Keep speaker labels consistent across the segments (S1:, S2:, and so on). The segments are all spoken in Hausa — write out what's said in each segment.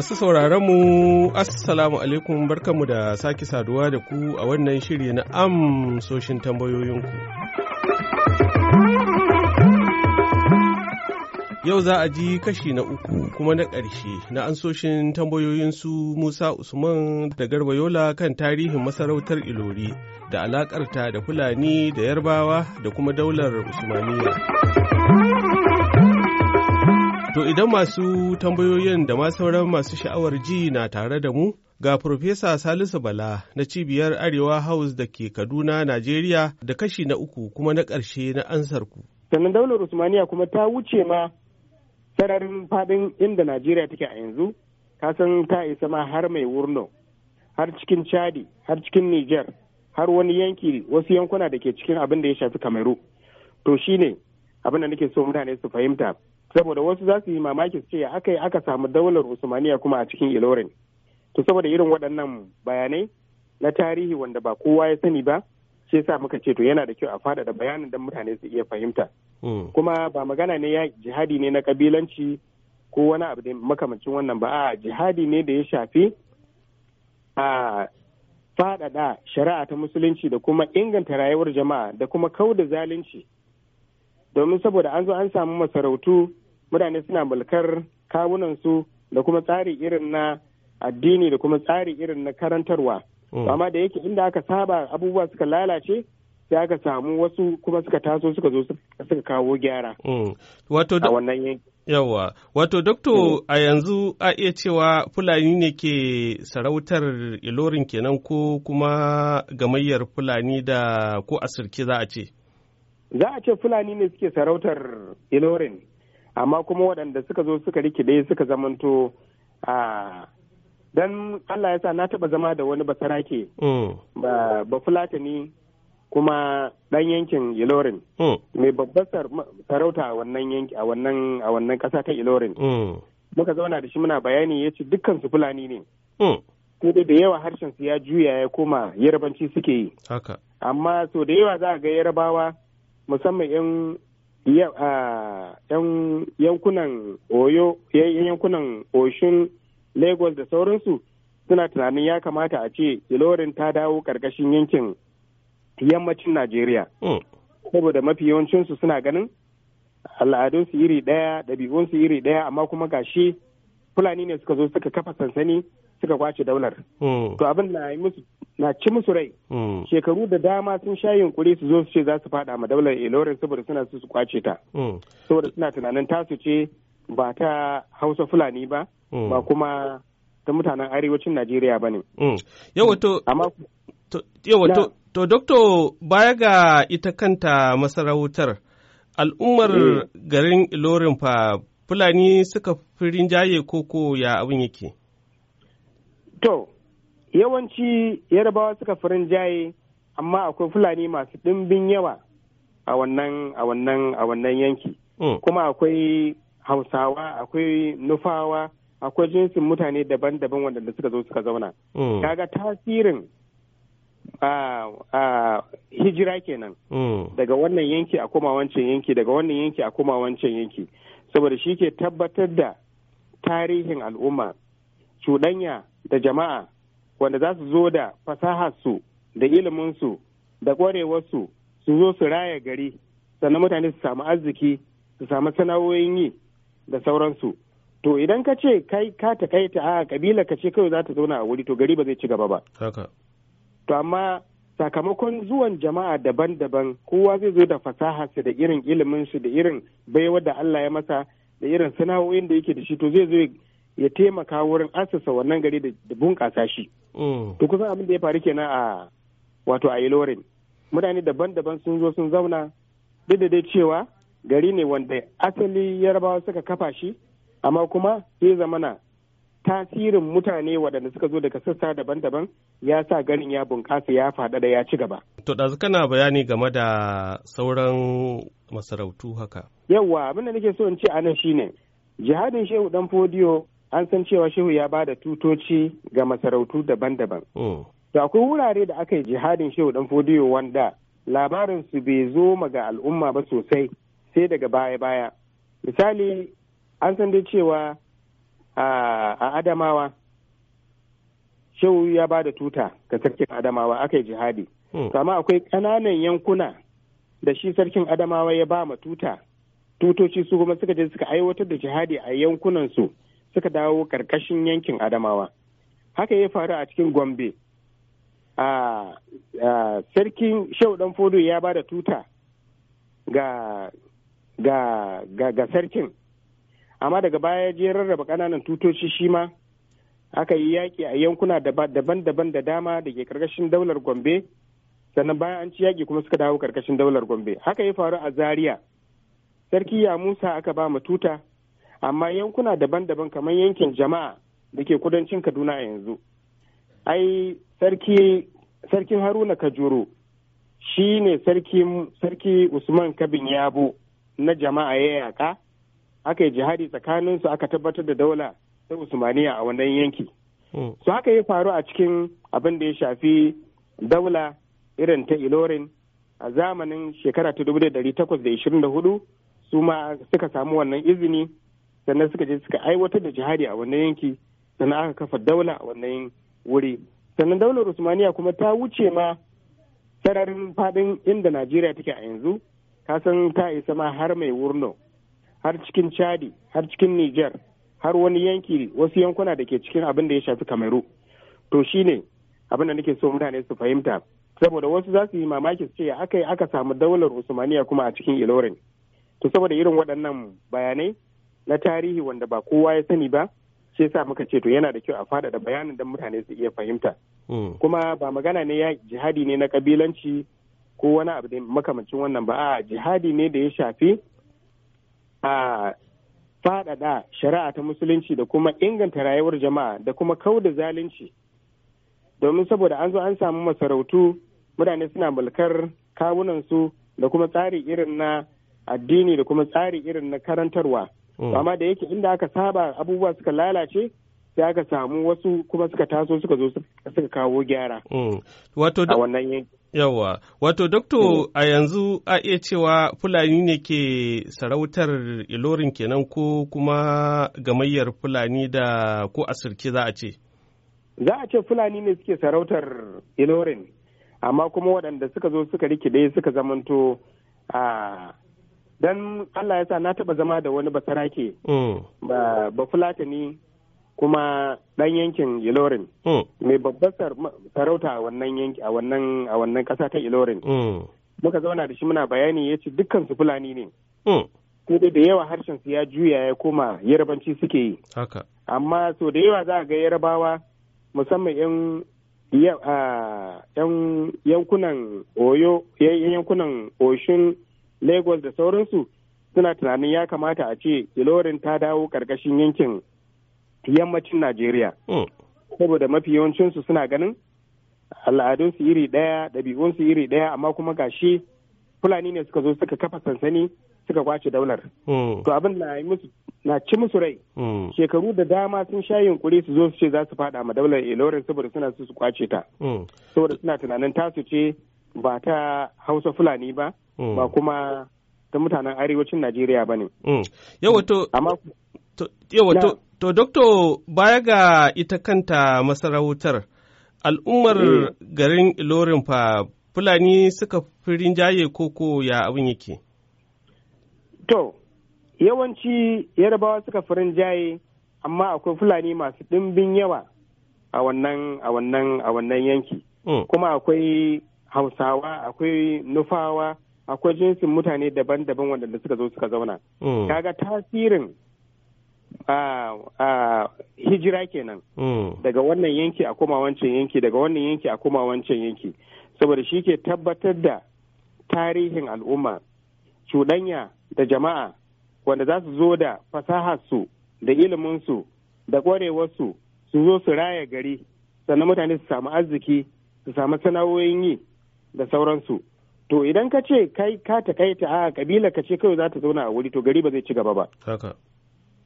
S1: Masu sauraron mu Assalamu alaikum barkanmu da sake saduwa da ku a wannan shiri na amsoshin tambayoyinku. Yau za a ji kashi na uku kuma na ƙarshe na ansoshin tambayoyinsu Musa Usman da Garba Yola kan tarihin masarautar Ilori da alaƙarta da Fulani da Yarbawa da kuma daular Usmaniyya. To idan masu tambayoyin da ma sauran masu sha'awar ji na tare da mu, ga Profesa Salisu Bala na Cibiyar Arewa House da ke Kaduna, Najeriya da kashi na uku kuma na ƙarshe na ansarku.
S2: Sannan daular Usmaniya kuma ta wuce ma sararin faɗin inda Najeriya take a yanzu, ta san ta isa ma har mai wurno, har cikin Chadi, har cikin Nijar, har wani yanki wasu yankuna da ke cikin abin da ya shafi Kamaru. To shi ne abin da nake so mutane su fahimta. saboda wasu za su yi mamaki su ce ya yi aka samu daular usmaniya kuma a cikin ilorin to saboda irin waɗannan bayanai na tarihi wanda ba kowa ya sani ba shi yasa muka ce to yana da kyau a faɗaɗa bayanin don mutane su iya fahimta hmm. kuma ba magana ne ya jihadi ne na kabilanci ko wani abu da makamancin wannan ba a jihadi ne da ya shafi a faɗaɗa shari'a ta musulunci da kuma inganta rayuwar jama'a da kuma kau da zalunci domin saboda an zo an samu masarautu mutane suna mulkar kawunansu da kuma tsari irin na addini da kuma tsari irin na karantarwa mm. amma da yake inda aka saba abubuwa suka lalace sai aka samu wasu kuma suka taso suka zo suka kawo gyara mm. a wannan
S1: wato doktor mm. a yanzu a iya cewa Fulani ne ke sarautar ilorin kenan ko kuma gamayyar Fulani da ko sirke za a ce?
S2: Za a ce Fulani ne suke sarautar ilorin amma kuma waɗanda suka zo suka rikide suka zamanto a dan Allah ya sa na taɓa zama da wani basarake mm. ba fulatani kuma ɗan yankin ilorin mm. mai babbar sarauta a wannan yanki a wannan a wannan ƙasa ta ilorin mm. muka zauna da shi muna bayani ya ce dukkan su fulani ne sai dai da yawa harshen su ya juya ya koma yarbanci suke yi amma so da yawa za a ga yarabawa musamman yan yankunan oyo yankunan oshun lagos da sauransu suna tunanin ya kamata a ce ilorin ta dawo karkashin yankin yammacin najeriya hmm. saboda mafi yawancinsu suna ganin al'adunsu iri ɗaya ɗabi'unsu iri daya amma kuma gashi fulani ne suka zo suka kafa sansani suka kwace daular hmm. to abin na musu na ci musu rai hmm. shekaru da dama sun sha yunkuri su zo su ce za su fada ma daular ilorin saboda suna su kwace ta hmm. saboda suna tunanin tasu ce ba ta hausa fulani ba ba kuma ta mutanen arewacin najeriya ba ne
S1: yawa to doktor baya ga ita kanta masarautar al'ummar eh. garin ilorin fa fulani suka firin rinjaye koko ya abin yake
S2: To, yawanci yarabawa suka farin jaye amma akwai fulani masu ɗimbin yawa a wannan a wannan a wannan yanki. Hmm. Kuma akwai hausawa, akwai nufawa, akwai jinsin mutane daban-daban waɗanda suka zo suka zauna. Hmm. Kaga tasirin hijira kenan hmm. daga wannan yanki a koma wancan yanki daga wannan yanki a koma wancan yanki saboda shi ke tabbatar da tarihin al'umma cuɗanya da jama'a wanda za su zo da fasaharsu da iliminsu da ƙwarewarsu su zo su raya gari sannan mutane su samu arziki su samu sana'o'in yi da sauransu to idan ka ce kai ka ta kai ta a kabila ka ce kai za ta zauna a wuri to gari ba zai ci gaba ba to amma sakamakon zuwan jama'a daban-daban kowa zai zo da fasaharsu da irin iliminsu da irin baiwa da Allah ya masa da irin sana'o'in da yake da shi to zai zo ya taimaka wurin asasa wannan gari da bunƙasa shi. Mm. To kusan abin da ya faru kenan a wato a Ilorin. Mutane daban-daban sun zo sun zauna duk da dai cewa gari ne wanda asali yarabawa suka kafa shi amma kuma sai zamana tasirin mutane waɗanda suka zo daga sassa daban-daban ya sa garin ya bunƙasa ya faɗa da ya ci gaba.
S1: To ɗazu kana bayani game da sauran masarautu haka.
S2: Yawwa abin da nake so in ce a nan shine jihadin Shehu Dan Fodiyo an san cewa shehu ya bada tutoci ga masarautu daban-daban. Oh. to akwai wurare da aka yi jihadin shehu dan fodiyo wanda labarin su bai zo ga al'umma ba sosai sai daga baya-baya. Misali an san dai cewa a Adamawa shehu ya ba tuta ga sarkin Adamawa aka yi jihadi. Hmm. Amma akwai ƙananan yankuna da shi sarkin Adamawa ya ba ma tuta. Tutoci su kuma suka je suka aiwatar da jihadi a yankunansu. su. suka dawo karkashin yankin adamawa haka ya faru a cikin gombe a sarkin ɗan fodo ya ba da tuta ga sarkin amma daga baya je rarraba kananan tutoci shi ma aka yi yaƙi a yankuna daban-daban da dama da ke karkashin daular gombe sannan bayan an ci yaƙi kuma suka dawo karkashin daular gombe haka ya faru a zaria sarki ya musa aka ba tuta amma yankuna daban-daban kamar yankin jama'a da ke kudancin kaduna yanzu ai sarki sarkin haruna kajuru shi ne sarki usman kabin yabo na jama'a ya yaka aka yi jihadi tsakaninsu aka tabbatar da daula ta usmaniya a wannan yanki hmm. su haka ya faru a cikin abin da ya shafi daula irin ta ilorin a zamanin shekara ta 1824 su ma suka samu wannan izini sannan suka je suka aiwatar da jihadi a wannan yanki sannan aka kafa daula a wannan wuri sannan daular usmaniya kuma ta wuce ma sararin fadin inda najeriya take a yanzu ka san ta isa ma har mai wurno har cikin chadi har cikin niger har wani yanki wasu yankuna da ke cikin abin da ya shafi kameru to shine abin da nake so mutane su fahimta saboda wasu za su yi mamaki su ce aka yi aka samu daular usmaniya kuma a cikin ilorin to saboda irin waɗannan bayanai na tarihi wanda ba kowa ya sani ba shi yasa muka ce to yana da kyau a faɗaɗa bayanin don mutane su iya fahimta hmm. kuma ba magana ne ya jihadi ne na kabilanci ko wani abu da makamancin wannan ba a jihadi ne da ya shafi a faɗaɗa shari'a ta musulunci da kuma inganta rayuwar jama'a da kuma kau da zalunci domin saboda an zo an samu masarautu mutane suna mulkar kawunansu da kuma tsari irin na addini da kuma tsari irin na karantarwa Mm. amma da yake inda aka saba abubuwa suka lalace sai aka samu wasu kuma suka taso suka zo suka kawo gyara
S1: mm. a wannan yanki wato doktor mm. a yanzu a iya cewa Fulani ne ke sarautar ilorin kenan ko kuma gamayyar Fulani da ko a sirke za a ce?
S2: Za a ce Fulani ne suke sarautar ilorin, amma kuma waɗanda suka zo suka rikide suka zamanto a ah, dan Allah ya sa na taba zama da wani basarake mm. ba ba fulatani kuma dan yankin Ilorin mm. mai babbar sarauta a wannan yanki a wannan a wannan kasa ta Ilorin mm. muka zauna da shi muna bayani yace dukkan su fulani ne sai da yawa harshen su ya juya ya koma yarbanci suke yi haka amma so da yawa za a ga yarbawa musamman yan yankunan oyo yankunan oshin lagos da sauransu suna tunanin ya kamata a ce ilorin ta dawo karkashin yankin yammacin najeriya hmm. saboda mafi yawancinsu suna ganin al'adunsu iri ɗaya ɗabi'unsu iri ɗaya amma kuma gashi fulani ne suka zo suka kafa sansani suka kwace daular hmm. to abin na musu na ci musu rai hmm. shekaru da dama sun sha yunkuri su zo su ce za su fada ma daular ilorin saboda suna su su kwace ta saboda suna tunanin tasu ce ba ta hausa fulani ba mm. ba kuma ta mutanen arewacin najeriya ba ne mm. yawato
S1: to doktor baya ga ita kanta masarautar al'ummar eh. garin ilorin fa fulani suka fi rinjaye koko ya abin yake
S2: to yawanci yarabawa suka fi rinjaye amma akwai fulani masu ɗimbin yawa a wannan a wannan a wannan yanki mm. kuma akwai hausawa akwai nufawa akwai jinsin mutane daban-daban wanda suka zo suka zauna mm. kaga tasirin hijira kenan mm. daga wannan yanki a koma wancan yanki daga wannan yanki a koma wancan yanki saboda shi ke tabbatar da tarihin al'umma cuɗanya da jama'a wanda za su zo da fasaharsu da iliminsu da ƙwarewarsu su zo su raya gari sannan mutane su samu arziki su samu sana'o'in yi da sauransu to idan ka ce kai ka ta kai ta a kabila ka ce kawai za ta zauna a wuri to gari ba zai ci gaba ba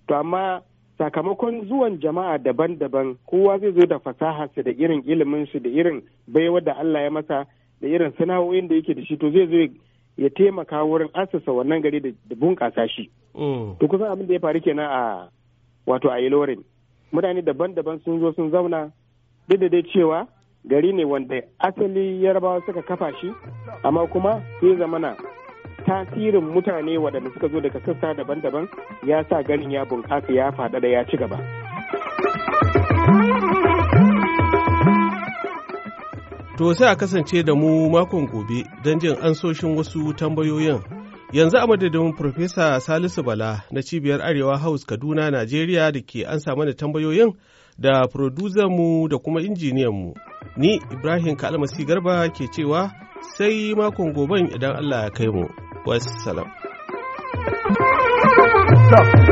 S2: to amma sakamakon zuwan jama'a daban-daban kowa zai zo da fasaha su da irin ilimin su da irin baiwa da Allah ya masa da irin sana'o'in da yake da shi to zai zo ya taimaka wurin asasa wannan gari da bunƙasa shi. Mm. To kusan abin da ya faru kenan a wato a Ilorin. Mutane daban-daban sun zo sun zauna duk da dai cewa gari ne wanda asali yarbawa suka kafa shi amma kuma sai zamana tasirin mutane waɗanda suka zo daga sassa daban-daban ya sa garin ya bunƙasa ya faɗa da ya ci gaba
S1: To sai a kasance da mu makon gobe don jin ansoshin wasu tambayoyin Yanzu a madadin Profesa Salisu Bala na Cibiyar Arewa House Kaduna, Najeriya da ke an samu da tambayoyin da mu da kuma injiniyanmu. Ni Ibrahim Kalmasi Garba ke cewa sai makon goben idan Allah ya kai mu. salam. Stop.